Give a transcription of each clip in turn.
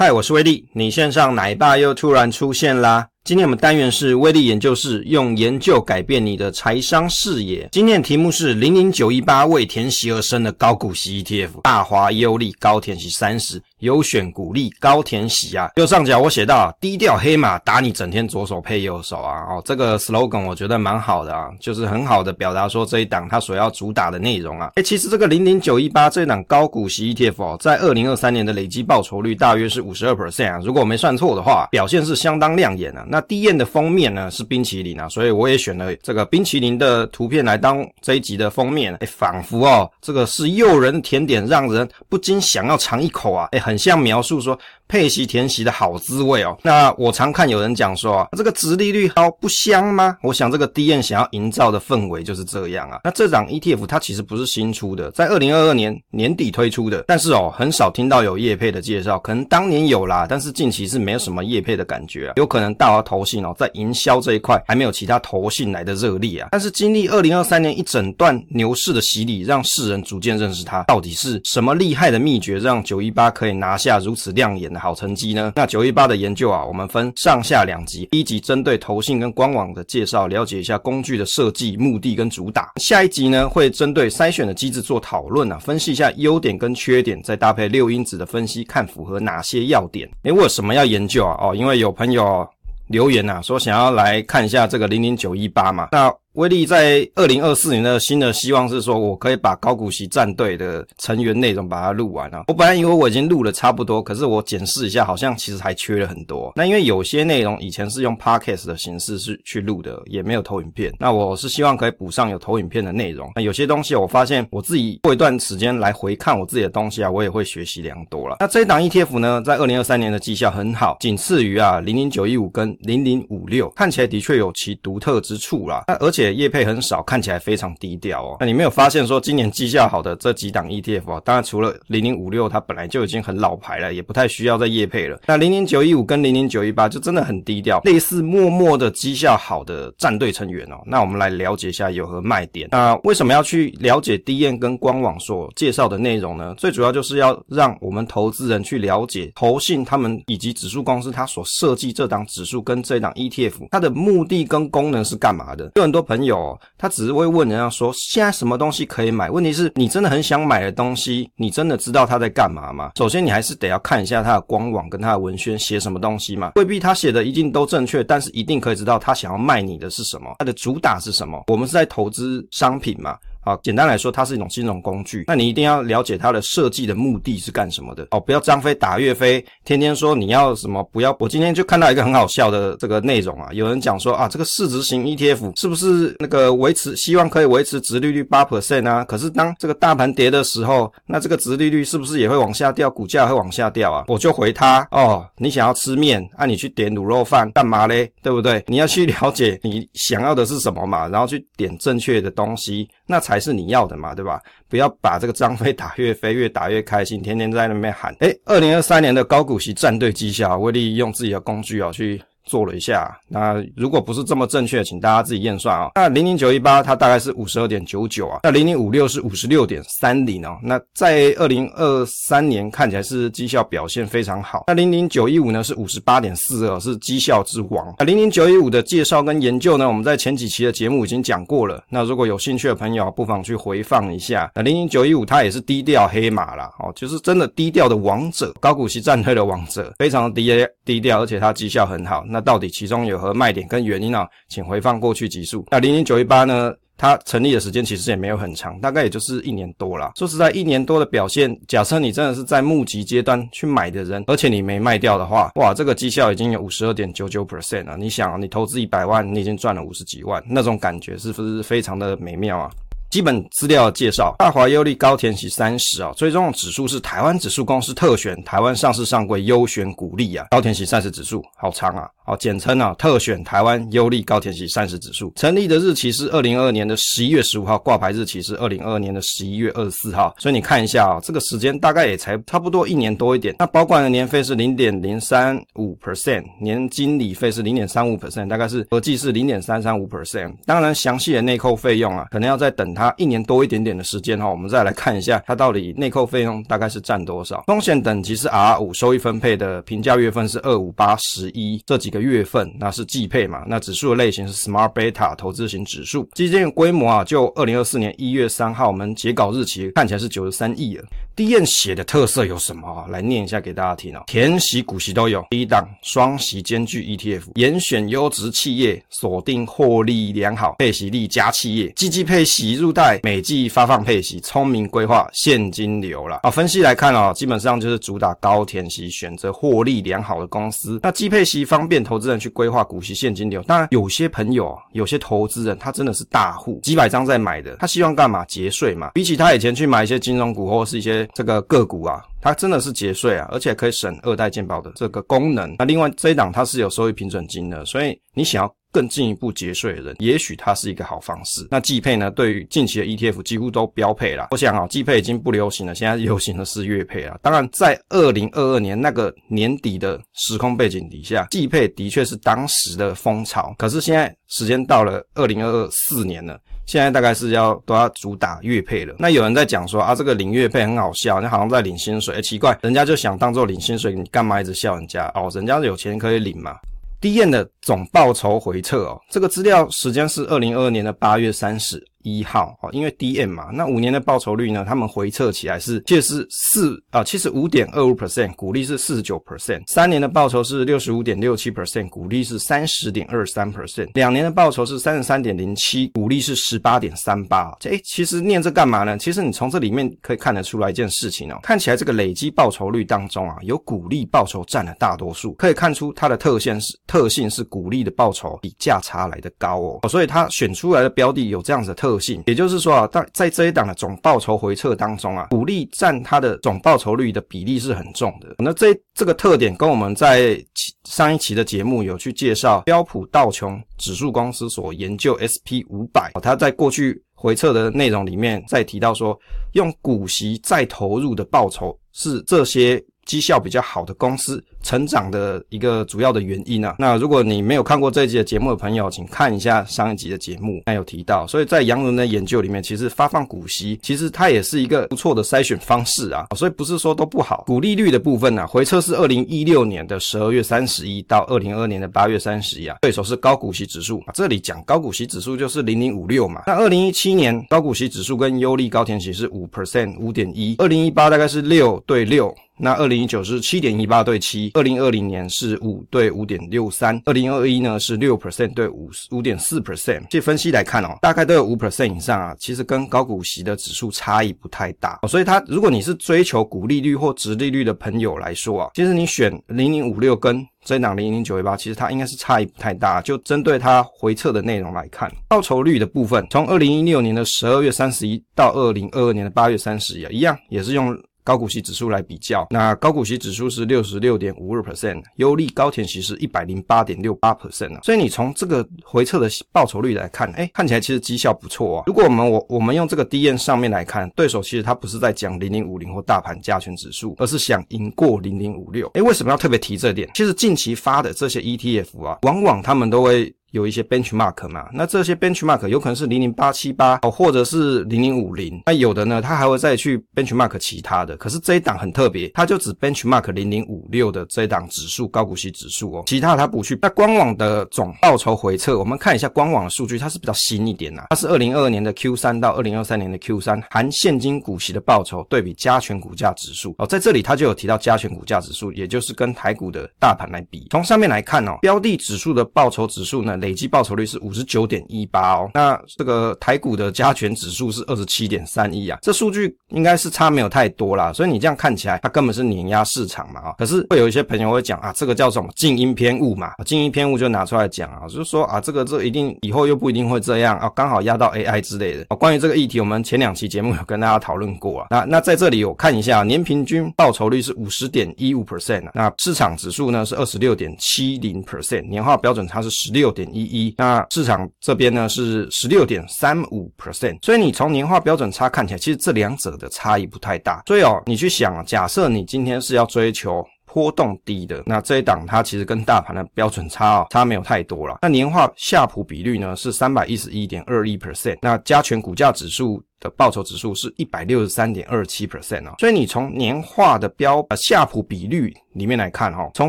嗨，我是威利。你線上奶爸又突然出現啦。今天我們單元是威利研究室，用研究改變你的財商視野。今天的題目是零零九一八為填息而生的高股息 ETF 大華優利高填息三十。優選股利高填息啊，右上角我寫到低調黑馬打你整天左手配右手啊哦，這個 slogan 我覺得蠻好的啊，就是很好的表達說，這一檔它所要主打的內容啊。哎、欸，其實這個零零九一八這一檔高股息 ETF 哦，在二零二三年的累積報酬率大約是五十二 percent 啊，如果我沒算錯的話，表現是相當亮眼啊。那 DM 的封面呢是冰淇淋啊，所以我也選了這個冰淇淋的圖片來當這一集的封面，哎、欸，仿佛哦這個是誘人甜點，讓人不禁想要嘗一口啊，哎、欸。很像描述說。配息填息的好滋味哦。那我常看有人講說啊，這個殖利率高不香嗎？我想這個 DM 想要營造的氛圍就是這樣啊。那這檔 ETF 它其實不是新出的，在二零二二年年底推出的，但是哦，很少聽到有業配的介紹，可能當年有啦，但是近期是沒有什麼業配的感覺啊。有可能大華投信哦，在營銷這一塊還沒有其他投信來的熱烈啊。但是經歷二零二三年一整段牛市的洗禮，讓世人逐漸認識它到底是什麼厲害的秘訣，讓九一八可以拿下如此亮眼的、啊。好成績呢？那九一八的研究啊，我們分上下兩集。第一集針對投信跟官網的介紹，了解一下工具的設計目的跟主打。下一集呢，會針對篩選的機制做討論啊，分析一下優點跟缺點，再搭配六因子的分析，看符合哪些要點。誒、欸，為什麼要研究啊？哦，因為有朋友留言吶、啊，說想要來看一下這個零零九一八嘛。那威利在二零二四年的新的希望是說，我可以把高股息戰隊的成員內容把它錄完了、啊。我本來以為我已經錄了差不多，可是我檢視一下，好像其實還缺了很多、啊。那因為有些內容以前是用 Podcast 的形式是去錄的，也沒有投影片。那我是希望可以補上有投影片的內容。那有些東西，我發現我自己過一段時間來回看我自己的東西啊，我也會學習良多了。那這一檔 ETF 呢，在二零二三年的績效很好，僅次於啊零零九一五跟零零五六，看起來的確有其獨特之處啦。那而且。業配很少，看起來非常低調哦。那你沒有發現說今年績效好的這幾檔 ETF 啊、哦？當然除了零零五六，它本來就已經很老牌了，也不太需要再業配了。那零零九一五跟零零九一八就真的很低調，類似默默的績效好的戰隊成員哦。那我們來了解一下有何賣點？那為什麼要去了解 DM 跟官網所介紹的內容呢？最主要就是要讓我們投資人去了解投信他們以及指數公司它所設計這檔指數跟這檔 ETF 它的目的跟功能是幹嘛的？有很多。朋友哦，他只是會問人家說，現在什麼東西可以買？問題是，你真的很想買的東西，你真的知道他在幹嘛嗎？首先，你還是得要看一下他的官網跟他的文宣寫什麼東西嘛，未必他寫的一定都正確，但是一定可以知道他想要賣你的是什麼，他的主打是什麼。我們是在投資商品嘛。啊、哦，簡單來說，它是一種金融工具。那你一定要了解它的設計的目的是幹什麼的哦，不要張飛打岳飛，天天說你要什麼不要。我今天就看到一個很好笑的這個內容啊，有人講說啊，這個市值型 ETF 是不是那個維持希望可以維持殖利率8%啊？可是當這個大盤跌的時候，那這個殖利率是不是也會往下掉，股價會往下掉啊？我就回他哦，你想要吃麵啊，你去點滷肉飯幹嘛嘞？對不對？你要去了解你想要的是什麼嘛，然後去點正確的東西，那才。是你要的嘛，對吧？不要把這個張飛打岳飛，越打越開心，天天在那邊喊。哎、欸，二零二三年的高股息戰隊績效，威利用自己的工具啊、哦、去，做了一下，那如果不是這麼正確，請大家自己驗算啊、哦。那零零九一八它大概是五十二點九九啊，那零零五六是五十六點三零哦。那在二零二三年看起來是績效表現非常好。那零零九一五呢是五十八點四二，是績效之王。那零零九一五的介紹跟研究呢，我們在前幾期的節目已經講過了。那如果有興趣的朋友，不妨去回放一下。那零零九一五它也是低調黑馬啦，哦，就是真的低調的王者，高股息戰隊的王者，非常的低低調，而且它績效很好。那那到底其中有何賣點跟原因啊？請回放過去集數。那零零九一八呢？它成立的時間其實也沒有很長，大概也就是一年多啦。說實在一年多的表現，假設你真的是在募集階段去買的人，而且你沒賣掉的話，哇，這個績效已經有五十二點九九 percent 了。你想啊，你投資一百萬，你已經賺了五十幾萬，那種感覺是不是非常的美妙啊？基本資料的介紹：大華優利高填息三十啊，最終指數是台灣指數公司特選台灣上市上櫃優選股利啊，高填息三十指數好長啊。好，簡稱啊，特選台灣優利高填息30指數成立的日期是二零二二年的十一月十五號，掛牌日期是二零二二年的十一月二十四號。所以你看一下啊，這個時間大概也才差不多一年多一點。那保管的年費是零點零三五 percent，年經理費是零點三五 percent，大概是合計是零點三三五 percent。當然，詳細的內扣費用啊，可能要再等它一年多一點點的時間哈，我們再來看一下它到底內扣費用大概是占多少。風險等級是 R 五，收益分配的評價月份是二五八十一這幾個。月份，那是季配嘛？那指數的類型是 Smart Beta 投資型指數，基金的規模啊，就二零二四年一月三號我們截稿日期看起來是九十三億了。DM 寫的特色有什麼啊？來念一下給大家聽哦、喔。填息股息都有，一檔雙息兼具 ETF，嚴選優質企業，鎖定獲利良好配息力佳企業，季季配息入袋，每季發放配息，聰明規劃現金流了。啊，分析來看啊、喔，基本上就是主打高填息，選擇獲利良好的公司。那季配息方便。投資人去規劃股息現金流，當然有些朋友、啊，有些投資人他真的是大戶，幾百張在買的，他希望幹嘛？節稅嘛。比起他以前去買一些金融股或者是一些這個個股啊，他真的是節稅啊，而且可以省二代建保的這個功能。那另外這一檔它是有收益平準金的，所以你想要更進一步節稅的人，也許它是一個好方式。那季配呢？對於近期的 ETF 幾乎都標配了。我想啊、哦，季配已經不流行了，現在流行的是月配了。當然，在二零二二年那個年底的時空背景底下，季配的確是當時的風潮。可是現在時間到了二零二四年了，現在大概是要都要主打月配了。那有人在講說啊，這個領月配很好笑，好像在領薪水。哎、欸，奇怪，人家就想當做領薪水，你幹嘛一直笑人家？哦，人家有錢可以領嘛。DM 的總報酬回測哦，這個資料時間是二零二二年的八月三十一號啊，哦，因為 DM 嘛，那五年的報酬率呢？他們回測起來是74、呃，就是四啊，七十五點二五 percent，股利是四十九 percent，三年的報酬是六十五點六七 percent，股利是三十點二三 percent，兩年的報酬是三十三點零七，股利是十八點三八啊。這，哎，其實念這幹嘛呢？其實你從這裡面可以看得出來一件事情哦，看起來這個累積報酬率當中啊，有股利報酬占了大多數，可以看出它的特性是特性是，股利的報酬比價差來的高哦，所以它選出來的標的有這樣子的特特性，也就是說啊，在在這一檔的總報酬回測當中啊，股利占它的總報酬率的比例是很重的。那這這個特點跟我們在上一期的節目有去介紹標普道瓊指數公司所研究 SP500，它在過去回測的內容裡面再提到說，用股息再投入的報酬是這些績效比較好的公司成長的一個主要的原因啊，那如果你沒有看過這一集的節目的朋友，請看一下上一集的節目，那有提到。所以在洋人的研究裡面，其實發放股息，其實它也是一個不錯的篩選方式啊，所以不是說都不好。股利率的部分啊，回測是二零一六年的十二月三十一到二零二二年的八月三十一啊，對手是高股息指數。這裡講高股息指數就是零零五六嘛，那二零一七年高股息指數跟優利高填息是五 percent，五點一，二零一八大概是六對六。那二零一九是七點一八對七，二零二零年是五對五點六三，二零二一呢是六 percent 對五五點四 percent。這分析來看哦，大概都有五 percent 以上啊，其實跟高股息的指數差異不太大。所以它如果你是追求股利率或殖利率的朋友來說啊，其實你選零零五六跟這一檔零零九一八，其實它應該是差異不太大。就針對它回測的內容來看，報酬率的部分，從二零一六年的十二月三十一到二零二二年的八月三十一啊，一樣也是用。高股息指數來比較，那高股息指數是六十六點五二 percent，優利高填息是一百零八點六八 percent 啊，所以你從這個回測的報酬率來看，哎、欸，看起來其實績效不錯啊。如果我們我我們用這個 DM 上面來看，對手其實他不是在講零零五零或大盤加權指數，而是想贏過零零五六。哎、欸，為什麼要特別提這點？其實近期發的這些 ETF 啊，往往他們都會。有一些 benchmark 嘛，那這些 benchmark 有可能是零零八七八哦，或者是零零五零，那有的呢，他還會再去 benchmark 其他的。可是這一檔很特別，它就只 benchmark 零零五六的這一檔指數，高股息指數哦，其他它不去。那官網的總報酬回測，我們看一下官網的數據，它是比較新一點吶、啊，它是二零二二年的 Q 三到二零二三年的 Q 三，含現金股息的報酬對比加權股價指數哦，在這裡它就有提到加權股價指數，也就是跟台股的大盤來比。從上面來看哦，標的指數的報酬指數呢？累計報酬率是五十九點一八哦，那這個台股的加權指數是二十七點三一啊，這數據應該是差沒有太多啦，所以你這樣看起來，它根本是碾壓市場嘛啊、哦！可是會有一些朋友會講啊，這個叫什麼靜音偏誤嘛，靜音偏誤就拿出來講啊，就是說啊，這個這一定以後又不一定會這樣啊，剛好壓到 AI 之類的、啊。關於這個議題，我們前兩期節目有跟大家討論過啊。那那在這裡我看一下，年平均報酬率是五十點一五 percent 啊，那市場指數呢是二十六點七零 percent，年化標準差是十六點。一一，那市場這邊呢是十六點三五 percent，所以你從年化標準差看起來，其實這兩者的差異不太大。所以哦，你去想啊，假設你今天是要追求波動低的，那這一檔它其實跟大盤的標準差哦差沒有太多了。那年化夏普比率呢是三百一十一點二一 percent，那加權股價指數，的報酬指數是一百六十三點二七 percent 啊，哦，所以你從年化的標啊夏普比率裡面來看哈，從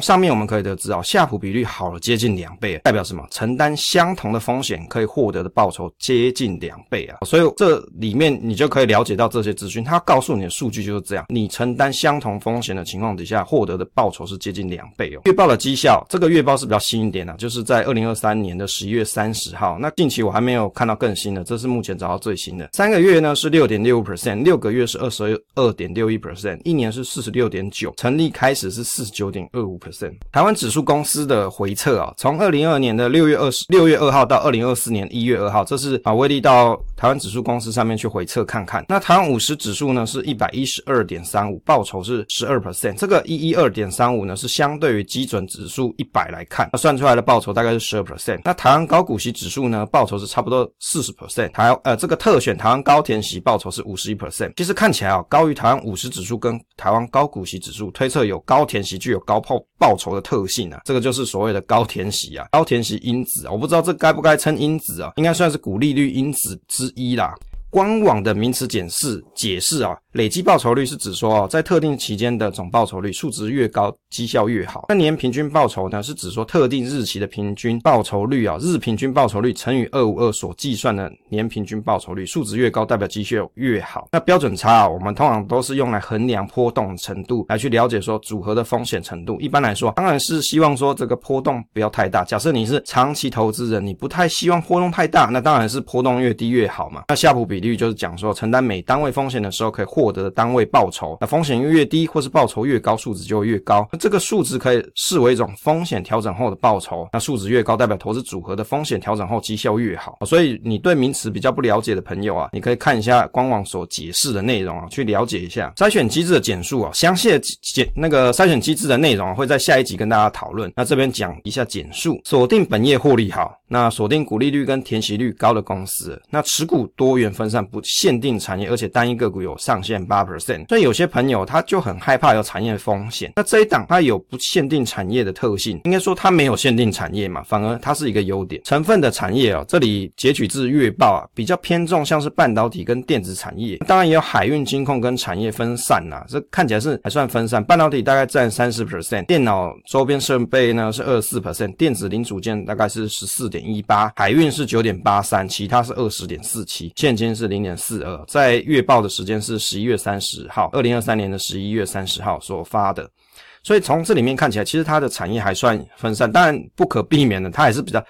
上面我們可以得知啊，夏普比率好了接近兩倍，代表什麼？承擔相同的風險可以獲得的報酬接近兩倍啊，所以這裡面你就可以了解到這些資訊，它告訴你的數據就是這樣，你承擔相同風險的情況底下獲得的報酬是接近兩倍哦。月報的績效，這個月報是比較新一點啊，就是在二零二三年的十一月三十號，那近期我還沒有看到更新的，這是目前找到最新的三個月。呢是六點六五 percent，六個月是二十二點六一 percent，一年是四十六點九，成立開始是四十九點二五 percent。台灣指數公司的回測啊、哦，從二零二二年的六月二十六月二號到二零二四年一月二號，這是啊威利到台灣指數公司上面去回測看看。那台灣五十指數呢是一百一十二點三五，報酬是十二 percent，這個一一二點三五呢是相對於基準指數一百來看，那算出來的報酬大概是十二 percent。那台灣高股息指數呢報酬是差不多四十 percent，台呃這個特選台灣高。填息報酬是五十一 percent，其實看起來啊、喔、高於台灣五十指數跟台灣高股息指數，推測有高填息具有高報報酬的特性啊。這個就是所謂的高填息啊，高填息因子，啊。我不知道這該不該稱因子啊，應該算是股利率因子之一啦。官網的名詞解釋解釋啊、哦，累計報酬率是指說哦，在特定期間的總報酬率，數值越高，績效越好。那年平均報酬呢，是指說特定日期的平均報酬率啊、哦，日平均報酬率乘以二五二所計算的年平均報酬率，數值越高，代表績效越好。那標準差啊、哦，我們通常都是用來衡量波動程度，來去了解說組合的風險程度。一般來說，當然是希望說這個波動不要太大。假設你是長期投資人，你不太希望波動太大，那當然是波動越低越好嘛。那夏普比，比率就是講說承擔每單位風險的時候，可以獲得的單位報酬。那風險越低或是報酬越高，數值就會越高。那這個數值可以視為一種風險調整後的報酬，那數值越高代表投資組合的風險調整後績效越好。所以你對名詞比較不了解的朋友啊，你可以看一下官網所解釋的內容啊，去了解一下篩選機制的簡述啊。詳細的簡，那個篩選機制的內容啊，會在下一集跟大家討論。那這邊講一下簡述，鎖定本業獲利好，那鎖定股利率跟填息率高的公司，那持股多元分上不限定產業，而且單一個股有上限八 percent，所以有些朋友他就很害怕有產業風險。那這一檔它有不限定產業的特性，應該說它沒有限定產業嘛，反而它是一個優點。成分的產業啊、哦，這裡截取自月報啊，比較偏重像是半導體跟電子產業，當然也有海運、金控跟產業分散啊，這看起來是還算分散。半導體大概占三十 percent，電腦周邊設備呢是二十四 percent，電子零組件大概是十四點一八，海運是九點八三，其他是二十點四七，現金。是零點四二，在月報的時間是十一月三十號，二零二三年的十一月三十號所發的，所以從這裡面看起來，其實它的產業還算分散，但不可避免的，它還是比較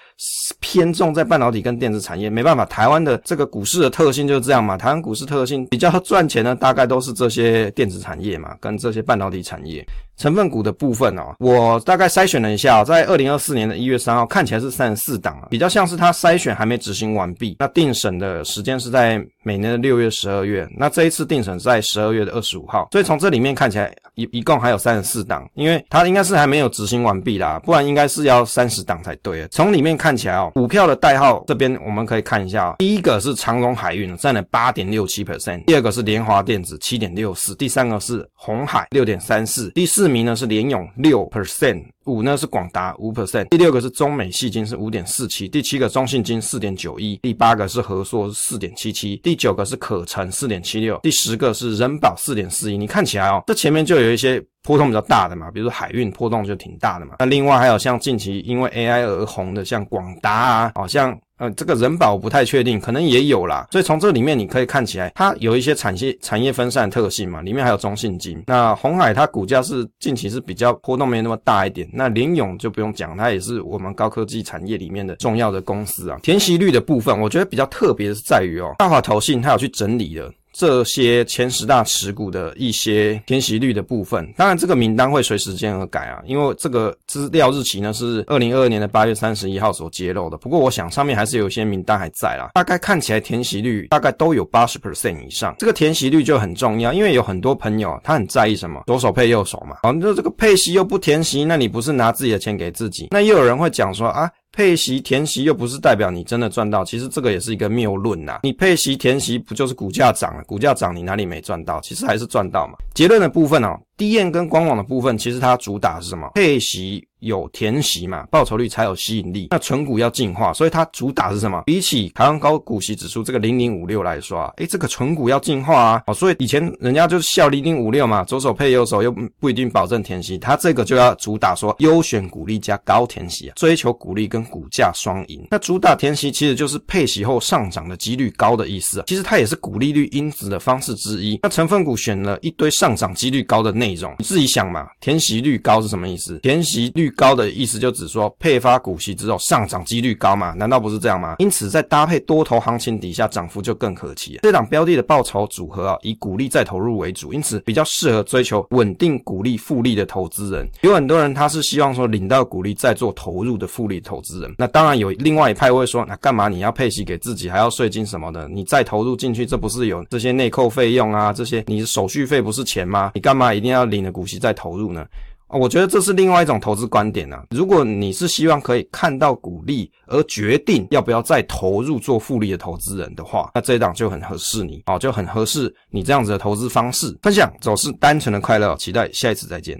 偏重在半導體跟電子產業，沒辦法，台灣的這個股市的特性就是這樣嘛，台灣股市特性比較賺錢的大概都是這些電子產業嘛，跟這些半導體產業。成分股的部分哦、喔，我大概篩選了一下、喔，在二零二四年的一月三號看起來是三十四檔，比較像是它篩選還沒執行完畢。那定審的時間是在每年的六月、十二月，那這一次定審在十二月的二十五號，所以從這裡面看起來，一一共還有三十四檔，因為它應該是還沒有執行完畢啦，不然應該是要三十檔才對的。從裡面看起來哦、喔，股票的代號這邊我們可以看一下、喔，第一個是長榮海運，佔了八點六七 percent，第二個是聯華電子七點六四，第三個是鴻海六點三四，第四。名呢是聯詠，六 percent，五呢是廣達五 percent，第六個是中美矽晶是五點四七，第七個中信金四點九一，第八個是和碩四點七七，第九個是可成四點七六，第十個是仁寶四點四一。你看起來哦，這前面就有一些波動比較大的嘛，比如說海運波動就挺大的嘛。那另外還有像近期因為 AI 而紅的像廣達、啊哦，像廣達啊，好像。呃、嗯，這個人保不太確定，可能也有啦，所以從這裡面你可以看起來，它有一些產業產業分散的特性嘛，裡面還有中信金。那鴻海它股價是近期是比較波動沒有那麼大一點，那林永就不用講，它也是我們高科技產業裡面的重要的公司啊。填息率的部分，我覺得比較特別的是在於哦、喔，大華投信它有去整理的。這些前十大持股的一些填息率的部分，當然這個名單會隨時間而改啊，因為這個資料日期呢是二零二二年的八月三十一號所揭露的。不過我想上面還是有一些名單還在啦，大概看起來填息率大概都有八十 percent 以上。這個填息率就很重要，因為有很多朋友他很在意什麼左手配右手嘛，啊，那這個配息又不填息，那你不是拿自己的錢給自己？那又有人會講說啊。配息填息又不是代表你真的賺到，其實這個也是一個謬論吶。你配息填息不就是股價漲了？股價漲，你哪裡沒賺到？其實還是賺到嘛。結論的部分哦，DM 跟官網的部分，其實它主打是什麼？配息。有填息嘛，報酬率才有吸引力。那存股要進化，所以它主打是什麼？比起台灣高股息指數這個零零五六來說，啊，哎、欸，這個存股要進化啊！哦，所以以前人家就是笑零零五六嘛，左手配右手又不一定保證填息，它這個就要主打說優選股利加高填息，啊，追求股利跟股價雙贏。那主打填息其實就是配息後上漲的幾率高的意思，啊。其實它也是股利率因子的方式之一。那成分股選了一堆上漲幾率高的內容，你自己想嘛，填息率高是什麼意思？填息率。高的意思就指說配發股息之後上漲幾率高嘛？難道不是這樣嗎？因此，在搭配多頭行情底下，漲幅就更可期了。這檔標的的報酬組合啊、喔，以股利再投入為主，因此比較適合追求穩定股利複利的投資人。有很多人他是希望說領到股利再做投入的複利投資人。那當然有另外一派會說，那、啊、幹嘛你要配息給自己，還要稅金什麼的？你再投入進去，這不是有這些內扣費用啊？這些你手續費不是錢嗎？你幹嘛一定要領了股息再投入呢？啊、哦，我覺得這是另外一種投資觀點呢、啊。如果你是希望可以看到股利，而決定要不要再投入做複利的投資人的話，那這一檔就很合適你啊、哦，就很合適你這樣子的投資方式分享。走勢單純的快樂，期待下一次再見。